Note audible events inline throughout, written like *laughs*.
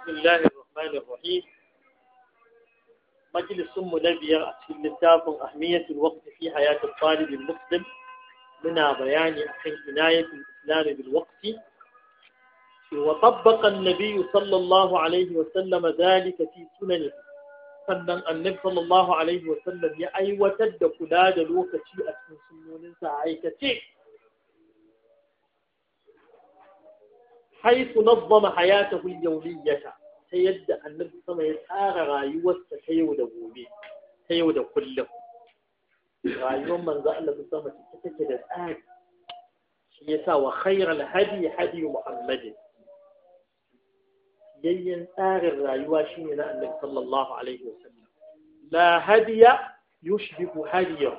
بسم الله الرحمن الرحيم مجلس منبير أسفل للتاف أهمية الوقت في حياة الطالب المسلم من بيان أحد عناية الإسلام بالوقت وطبق النبي صلى الله عليه وسلم ذلك في سننه sannan annabi sallallahu alaihi wasallam ya aiwatar da kula da lokaci a cikin sunnoninsa a aikace حيث نظم حياته اليومية سيد النبي صلى الله عليه وسلم يتارى رايوة سيود أبوبي سيود كله رايوة من ذا الله صلى الله عليه وسلم الآن يسا وخير الهدي هدي محمد يين تارى الرايوة شين النبي صلى الله عليه وسلم لا هدي يشبه هديه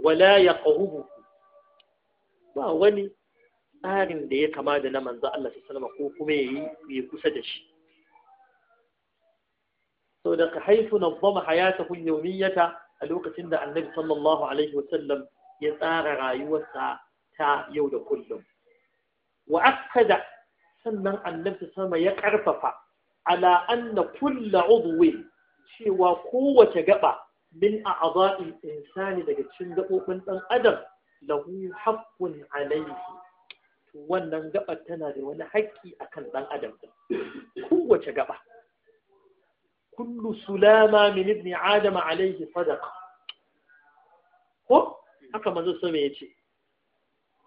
ولا يقربه وأولي وني tsarin da ya kama da na manzo Allah sallama ko kuma yayi mai kusa da shi so ka haifu na zama hayatahu yawmiyata a lokacin da annabi sallallahu alaihi wasallam ya tsara rayuwarsa ta yau da kullum wa akkada sannan annabi sama ya karfafa ala anna kulla udwi cewa kowace gaba min a'dha'i insani daga cikin gabobin dan adam lahu haqqun alayhi wannan gabar tana da wani haƙƙi akan ɗan adam kowace gaba kullu sulama min ibn adam alayhi sadaqa ko haka manzo sama yace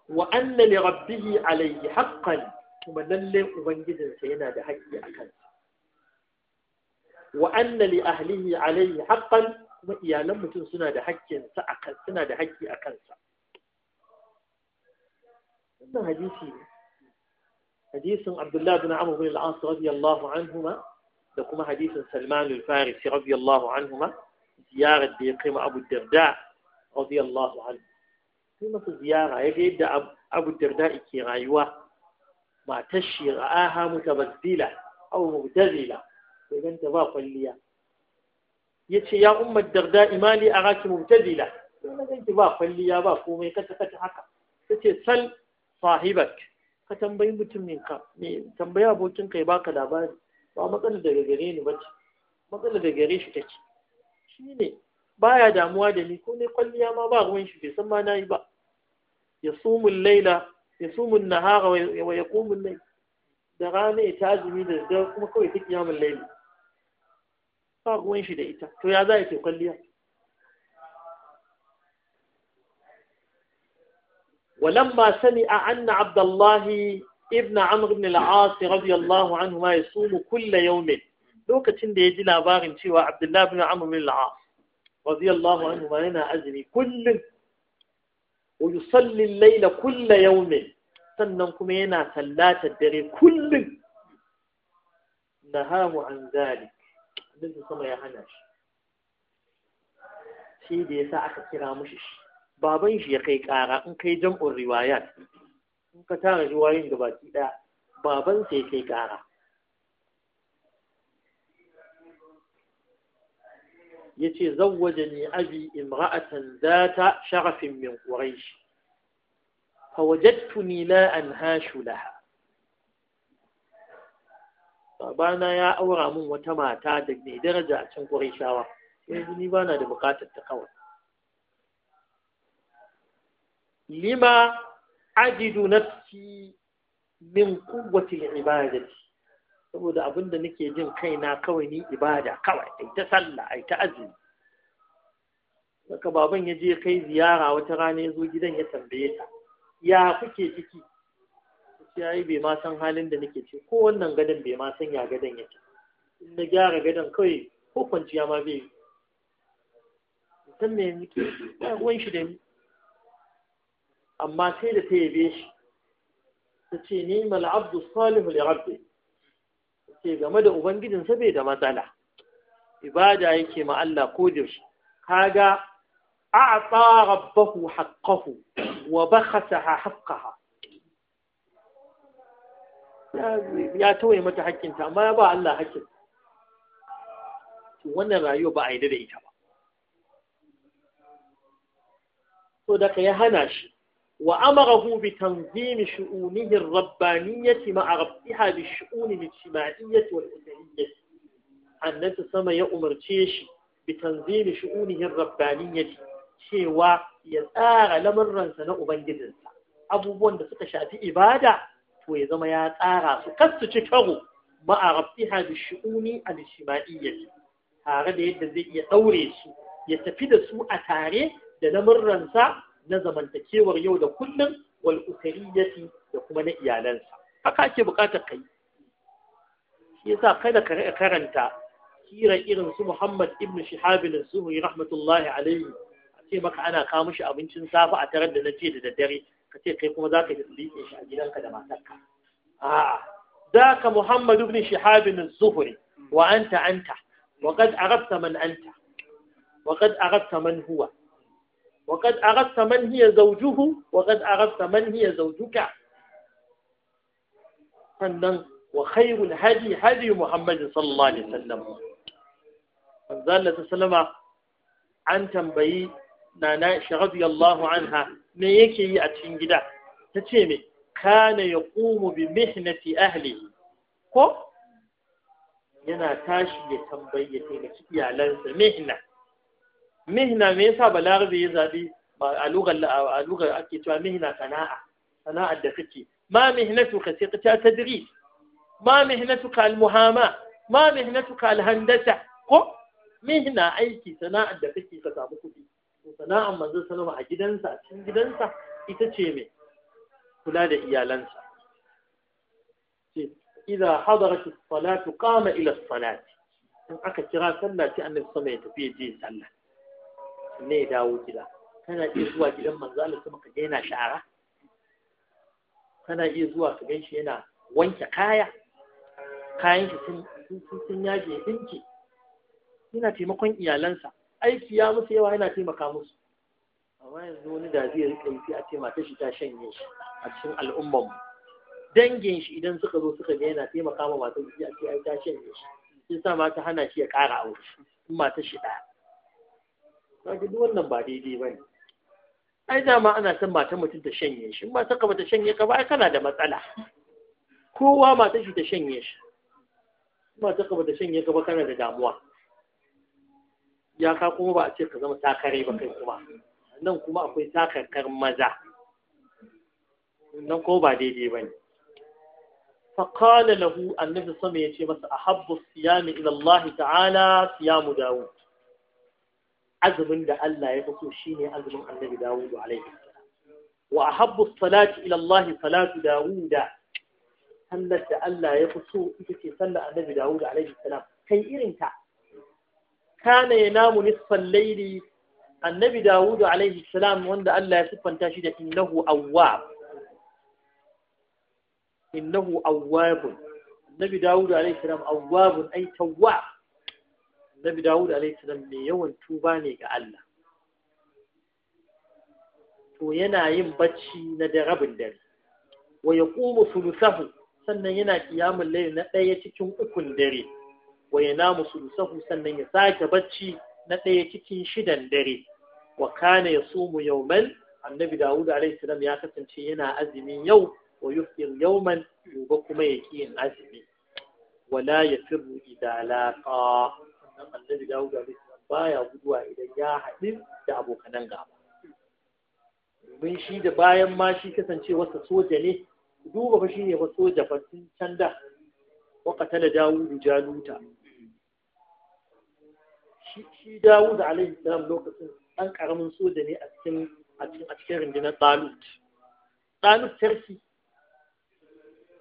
wa anna li rabbih alayhi haqqan kuma lalle ubangijinsa yana da haƙƙi akan wa anna li ahlihi alayhi haqqan kuma iyalan mutum suna da haƙƙin sa kansa. suna da haƙƙi sa wannan hadisi ne hadisin abdullahi bin amr bin al-as radiyallahu anhuma da kuma hadisin salman al-farisi radiyallahu anhuma ziyarar da ya kai ma abu darda radiyallahu anhu sai masa ziyara ya ga yadda abu darda ke rayuwa matar shi ra'aha mutabazzila aw mubtazila sai ganta ba kwalliya ya ce ya ummar darda imali araki mubtazila sai na ganki ba kwalliya ba komai kata kata haka tace sal sahibak ka tambayi mutumin ka me tambaya abokin ka ya baka labari ba matsala daga gare ni bace Matsala daga gare shi take shine baya damuwa da ni ko ne kwalliya ma ba ruwan shi bai san ma nayi ba sumu laila sumu nahara wa ya qumu layl da rana ita azumi da da kuma kawai take yamin laili ba ruwan shi da ita to ya za ya ce kwalliya ولما سمع أن عبد الله ابن عمرو بن العاص رضي الله عنهما يصوم كل يوم lokacin da ya ji labarin cewa Abdullahi bin Amr bin al-As radiyallahu anhu ma yana azumi kullum wa yusalli al-layla kull yawm sannan kuma yana sallatar dare kullum nahamu an zalik din sama ya hana shi shi da yasa aka kira mushi shi baban shi ya kai ƙara in kai jam'un riwayat in ka tara riwayoyin da ɗaya baban sai kai ƙara ya ce zawwaje ne abi imra'atan zata sharafin min quraish fa wajadtuni la anhashu laha babana ya aura min wata mata da mai daraja a cikin qurayshawa yanzu ni bana da bukatar ta kawai lima ajidu nafsi min kuwwati ibadati saboda abin da nake jin kaina kawai ni ibada kawai ai ta sallah ai ta azumi saka baban ya je kai ziyara wata rana ya zo gidan ya tambaye ta ya kuke ciki ya yi bai ma san halin da nake ciki ko wannan gadon bai ma san ya gadon yake in na gyara gadon kawai ko kwanciya ma bai yi san me nake ruwan shi da ni amma sai da ta yabe shi ta ce ni mal salihu li rabbi ce game da ubangijinsa bai da matsala ibada yake ma Allah ko da shi kaga a'ta rabbahu haqqahu wa bakhasaha haqqaha ya tawaye mata hakkinta amma ya ba Allah hakkin wannan rayuwa ba a yi da ita ba so da ya hana shi وأمره بتنظيم شؤونه الربانية مع ربطها بالشؤون الاجتماعية والأسرية أن تسمى يأمر تيشي بتنظيم شؤونه الربانية شيوا يتآغى لمرا سنأبن جدنسا abubuwan da suka shafi ibada to ya zama ya tsara su ci karo ma'arabtiha bi shu'uni al-shima'iyyah tare da yadda zai iya daure su ya tafi da su a tare da lamurransa na zamantakewar yau da kullum wal usayyati da kuma na iyalansa haka ake bukatar kai shi yasa kada ka karanta sirar irin su Muhammad ibn Shihab al-Zuhri rahmatullahi alaihi a ce maka ana kawo mishi abincin safa a tarar da na ce da daddare ka ce kai kuma zaka yi shi a gidanka da matarka a'a zaka Muhammad ibn Shihab al-Zuhri wa anta anta وقد من أنت وقد من هو وقد أردت من هي زوجه وقد أردت من هي زوجك sannan wa khairul hadi hadi Muhammad sallallahu alaihi wasallam manzo Allah sallama an tambayi na shahadu yallahu anha me yake yi a cikin gida tace me kana yaqumu bi mihnati ahli ko yana tashi ya tambayi ya taimaki iyalansa mihna me yasa balarabe ya zabi a lugar a lugar ake cewa mihna sana'a sana'ar da kake ma mihnatuka sai ta tadris ma mihnatuka almuhama ma mihnatuka alhandasa ko mihna aiki sana'ar da kake ka samu kuɗi sana'ar manzon sallama a gidansa a cikin gidansa ita ce mai kula da iyalansa ila حضرت الصلاة قام إلى الصلاة أكا كرا صلاة أن الصلاة في جين صلاة ne ya dawo gida kana iya zuwa gidan manzo Allah kuma ka yana shara kana iya zuwa ka ganshi yana wanke kaya kayan shi sun sun yaje dinki yana taimakon iyalansa aiki ya musu yawa yana taimaka musu amma yanzu wani da zai rika yi a ce mata shi ta shanye shi a cikin al'ummar mu dangin shi idan suka zo suka ga yana taimaka ma mata shi a ce ai ta shanye shi sun sa mata hana shi ya ƙara aure in matar shi ɗaya kaga duk wannan ba daidai ba ne ai dama ana son matan mutum ta shanye shi in ba saka bata shanye ka ba ai kana da matsala kowa matan shi ta shanye shi in ba saka bata shanye ka ba kana da damuwa ya ka kuma ba a ce ka zama takare ba kai kuma nan kuma akwai takarkar maza nan ko ba daidai ba ne فقال له النبي صلى الله عليه وسلم أحب الصيام إلى الله تعالى صيام داود azumin da Allah ya shi ne azumin annabi Dawud alaihi wa ahabbu salati ila Allah salatu Dawuda sallar da Allah ya fi ita ce sallar annabi Dawud alaihi salam kai irin ta kana yanamu nisfal layli annabi Dawud alaihi salam wanda Allah ya siffanta shi da innahu awwab innahu awwab annabi Dawud alaihi salam awwab ay tawwab Nabi Dawud a.s. mai yawan tuba ne ga Allah to yana yin bacci na da rabin dare wa ya yaqumu sulusahu sannan yana ƙiyamun lai na ɗaya cikin ukun dare wa ya namu sulusahu sannan ya sake bacci na ɗaya cikin shidan dare wa kana sumu yauman annabi Dawud a.s. ya kasance yana azumin yau wa yuftir yauman gobe kuma ya ƙi yin azumi wala ya idza laqa sannan annabi dawud alaihi baya guduwa idan ya haɗu da abokanan gaba domin shi da bayan ma shi kasance wata soja ne duba fa shine fa soja fa tun can da wa qatala dawud jaluta shi shi dawud alaihi salam lokacin ɗan ƙaramin soja ne a cikin a cikin a cikin rundunar talut talut sarki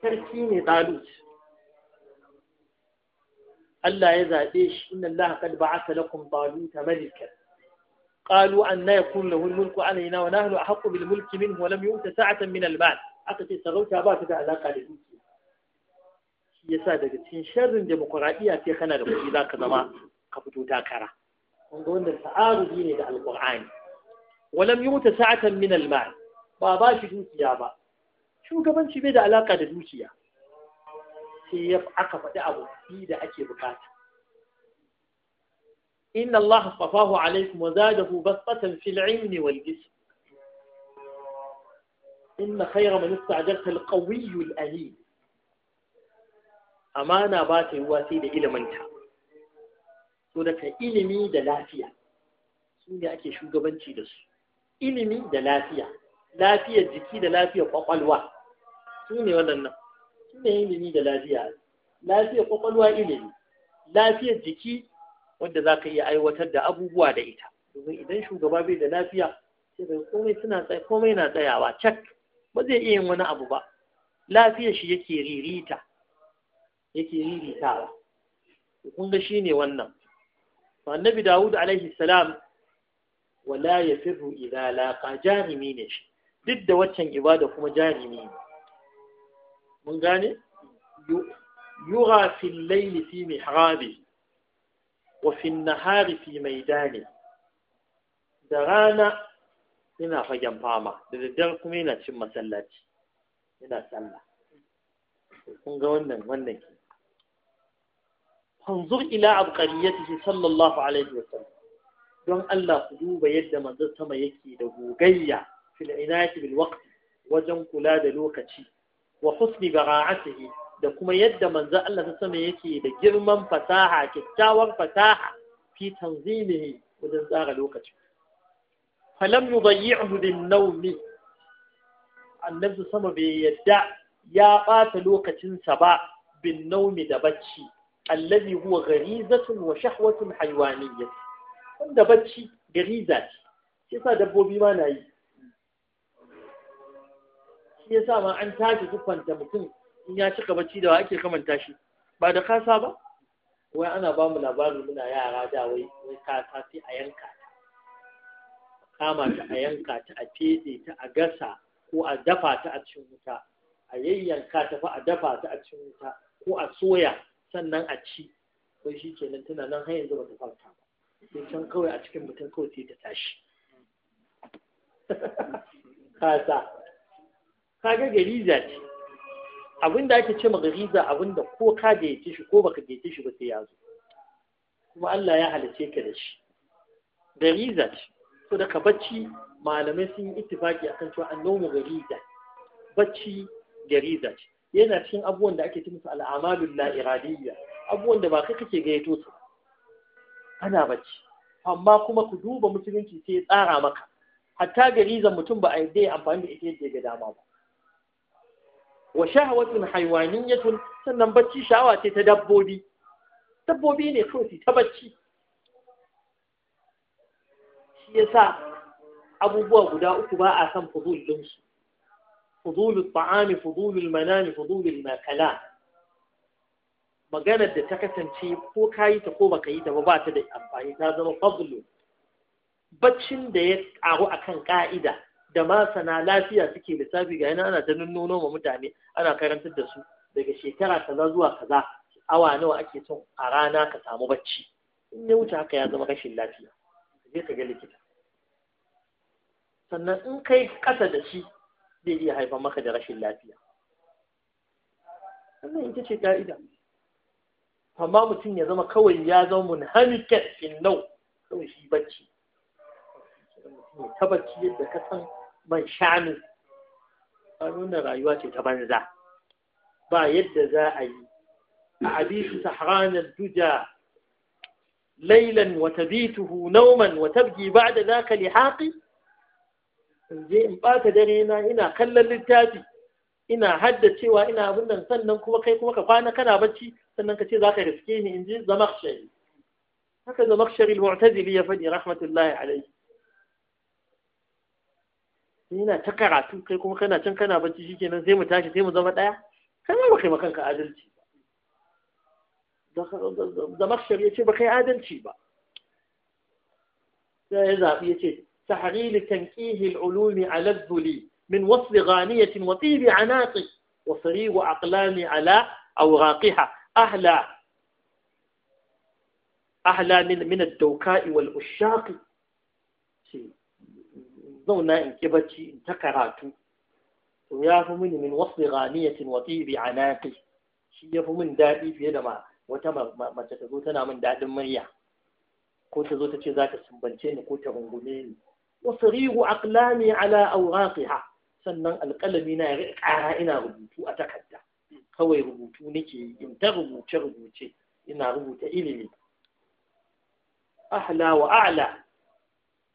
sarki ne talut Allah ya zaɓe shi inna Allah qad ba'atha lakum taluta malikan qalu anna yakun lahu al-mulku alaina wa nahnu ahaqqu bil mulki minhu wa lam yu'ta sa'atan min al-mal aka ce sarauta ba ta da alaka da dukiya shi yasa daga cikin sharrin demokradiya sai kana da kuɗi zaka zama ka fito takara kun ga wannan ta'arudi ne da alqur'ani wa lam yu'ta sa'atan min al-mal ba ba shi dukiya ba shugabanci bai da alaka da dukiya sai ya aka faɗi abu bi da ake bukata inna Allah safahu alaikum wa zadahu basatan fil ilmi wal jism inna khayra man istajarta al qawiy al amin amana ba ta yi sai da iliminta so daga ilimi da lafiya su ne ake shugabanci da su ilimi da lafiya lafiyar jiki da lafiyar kwakwalwa su ne waɗannan su ilimi da lafiya lafiyar kwakwalwa ilimi lafiyar jiki wanda za ka iya aiwatar da abubuwa da ita domin idan shugaba bai da lafiya sai komai suna komai na tsayawa cak ba zai iya yin wani abu ba lafiyar shi yake ririta yake riritawa kun ga shine wannan annabi Dawud alaihi salam wala yafirru idza laqa jarimi ne shi duk da waccan ibada kuma jarimi ne mun gane yura fil layli fi mihrabi wa fil nahari fi maidani da rana ina fagen fama da daddare kuma ina cin masallaci Ina sallah kun ga wannan wannan ke fanzur ila abqariyatihi sallallahu alaihi wa sallam don Allah ku duba yadda manzon sama yake da gogayya fil inati bil waqt wajen kula da lokaci wa husni bara'atihi da kuma yadda manzo Allah ta sama yake da girman fasaha kyakkyawar fasaha fi tanzimihi wajen tsara lokaci falam yudayyi'hu bin nawmi annabi sama bai yadda ya ɓata lokacinsa ba bin naumi da bacci allazi huwa gharizatun wa shahwatun haywaniyyah wanda bacci gariza ce sai sa dabbobi ma na yi shi sa ma an tashi kwanta mutum in ya cika bacci da ake kamanta shi ba da kasa ba wai ana ba mu labarin muna yara da wai wai kasa sai a yanka ta kama ta a yanka ta a fede ta a gasa ko a dafa ta a cikin wuta a yayyanka ta fa a dafa ta a cikin wuta ko a soya sannan a ci wai shi kenan tana nan har yanzu bata farka ba sai can kawai a cikin mutum kawai sai ta tashi *laughs* kasa kaga gariza ce abinda ake ce ma gariza abinda ko ka gayyace shi ko baka gayyace shi ba sai ya zo kuma Allah ya halice ka da shi gariza ce so daga bacci malamai sun yi ittifaki akan cewa annomu gariza bacci gariza ce yana cikin abubuwan da ake ce musu al'amalul la abubuwan da ba kai kake gayyato su ana bacci amma kuma ku duba musulunci sai tsara maka hatta garizan mutum ba a yi amfani da ita yadda ya ga dama ba wa shahawatun haiwaniyatun sannan bacci sha'awa ce ta dabbobi dabbobi ne kawai ta bacci shi yasa abubuwa guda uku ba a san fuzul din su fuzul ta'ami fuzul manami fuzul makala maganar da ta kasance ko kayi ta ko baka yi ta ba ba ta da amfani ta zama fadlu baccin da ya karu akan ka'ida da masana lafiya suke lissafi ga yana ana ta nunnuno ma mutane ana karantar da su daga shekara kaza zuwa kaza awa nawa ake son a rana ka samu bacci in ya wuce haka ya zama rashin lafiya je ka ga likita sannan in kai kasa da shi zai iya haifar maka da rashin lafiya Sannan ita ce ka'ida amma mutum ya zama kawai ya zama munhamikan innau kawai shi bacci ta bacci yadda ka san man shanu a nuna rayuwa ce ta banza ba yadda za a yi a abisu sahranar duja lailan wa tabituhu nauman wa ba da zaka haƙi. in je in ɓata dare na ina kallon littafi ina haddacewa ina abin nan sannan kuma kai kuma ka kwana kana bacci sannan ka ce za ka riske ni in ji zamakshari haka zamakshari al-mu'tazili ya faɗi rahmatullahi alaihi yana ta karatu kai kuma kana can kana bacci shikenan sai mu tashi sai mu zama ɗaya kai ma baka yi kanka adalci ba zamakshar ya ce baka yi adalci ba sai ya zaɓi ya ce تحريل تنكيه العلوم على الذلي من وصل غانية وطيب عناقه وصريغ أقلام على أوراقها أهلا أهلا من, من الدوكاء والأشاق zauna in ki bacci in ta karatu to ya fi mini min wasu ghaniyatin wa tibi anaqi shi ya fi min daɗi fiye da wata mace ta zo tana min daɗin murya ko ta zo ta ce za ta sumbance ni ko ta rungume ni wasu rihu aqlami ala awraqiha sannan alƙalami na ya ƙara ina rubutu a takarda kawai rubutu nake in ta rubuce rubuce ina rubuta ilimi ahla wa a'la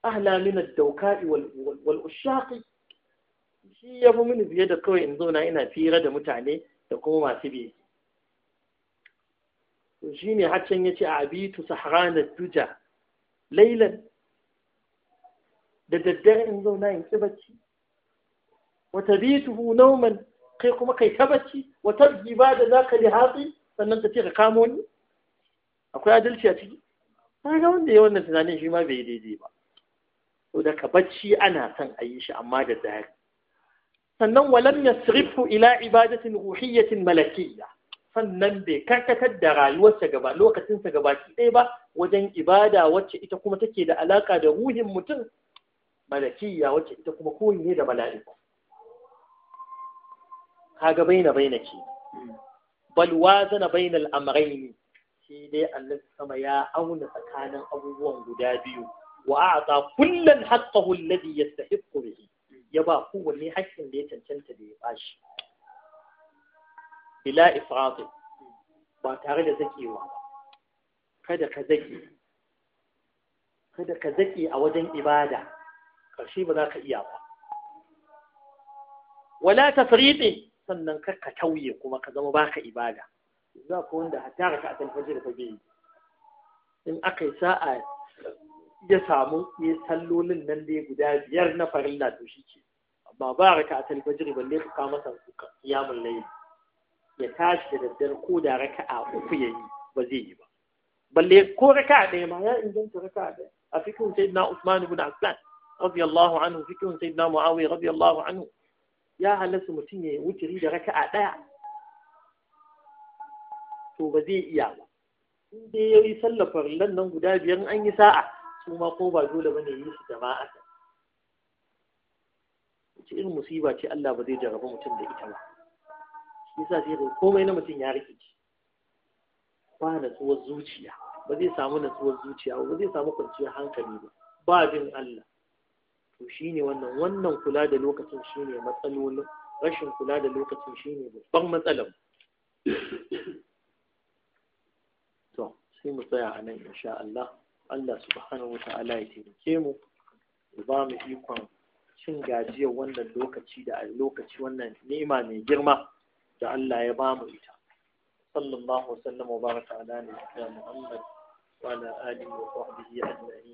ahla min ad-dawka'i wal ushaqi shi ya fi mini biye da kawai in zauna ina fira da mutane da kuma masu biye shi ne haccan ya ce a abitu sahrana duja lailan da daddare in zauna in ki bacci wata bituhu nauman kai kuma kai ta bacci wata ba da za ka hatsi sannan ka ce ka kamo ni akwai adalci a ciki ga wanda ya wannan tunanin shi ma bai daidai ba to daga bacci ana son a yi shi amma da zahiri sannan walam yasrifu ila ibadatin ruhiyyatin malakiyya sannan bai karkatar da rayuwarsa gaba lokacinsa gaba ki ɗaya ba wajen ibada wacce ita kuma take da alaka da ruhin mutum malakiyya wacce ita kuma koyi ne da mala'iku kaga baina baina ki, bal wazana bainal amrayni shi dai Allah sama ya auna tsakanin abubuwan guda biyu وأعطى كلا حقه الذي يستحق به يبا هو اللي حق اللي تنتنت به باش بلا إفراط وتعالى زكي وعلا kada ka zake. kada ka zake a wajen ibada Karshe ba za ka iya ba wala tafriqi sannan kar ka tauye kuma ka zama baka ibada za ka wanda hatta ka ta alfajir fa bi in aka yi sa'a ya samu ya sallolin nan dai guda biyar na farilla to shi ke amma ba a raka a talfajir balle ku kama masa kiyamun layi ya tashi da daddare ko da raka a uku ya yi ba zai yi ba balle ko raka a ɗaya ma ya inganta raka a ɗaya a fikin sai na Usman ibn aslan radiyallahu anhu fikin sai na Muawiya radiyallahu anhu ya halasta mutum ya wuturi da raka a ɗaya to ba zai iya ba in dai ya yi sallafar nan guda biyar an yi sa'a su ma ko ba dole bane yi su jama'a wace irin musiba ce Allah ba zai jarraba mutum da ita ba shi yasa sai komai na mutum ya rikici ba na natsuwar zuciya ba zai samu na natsuwar zuciya ba zai samu kwanciyar hankali ba ba jin Allah to shine wannan wannan kula da lokacin shine matsalolin rashin kula da lokacin shine babban matsalar to sai mu tsaya a nan insha Allah Allah subhanahu wata'ala ya taimake mu ya ba mu ikon cin gajiyar wannan lokaci da lokaci wannan ni'ima mai girma da Allah ya ba mu ita sallallahu alaihi wa sallam wa baraka ala nabiyyina Muhammad wa ala alihi wa sahbihi ajma'in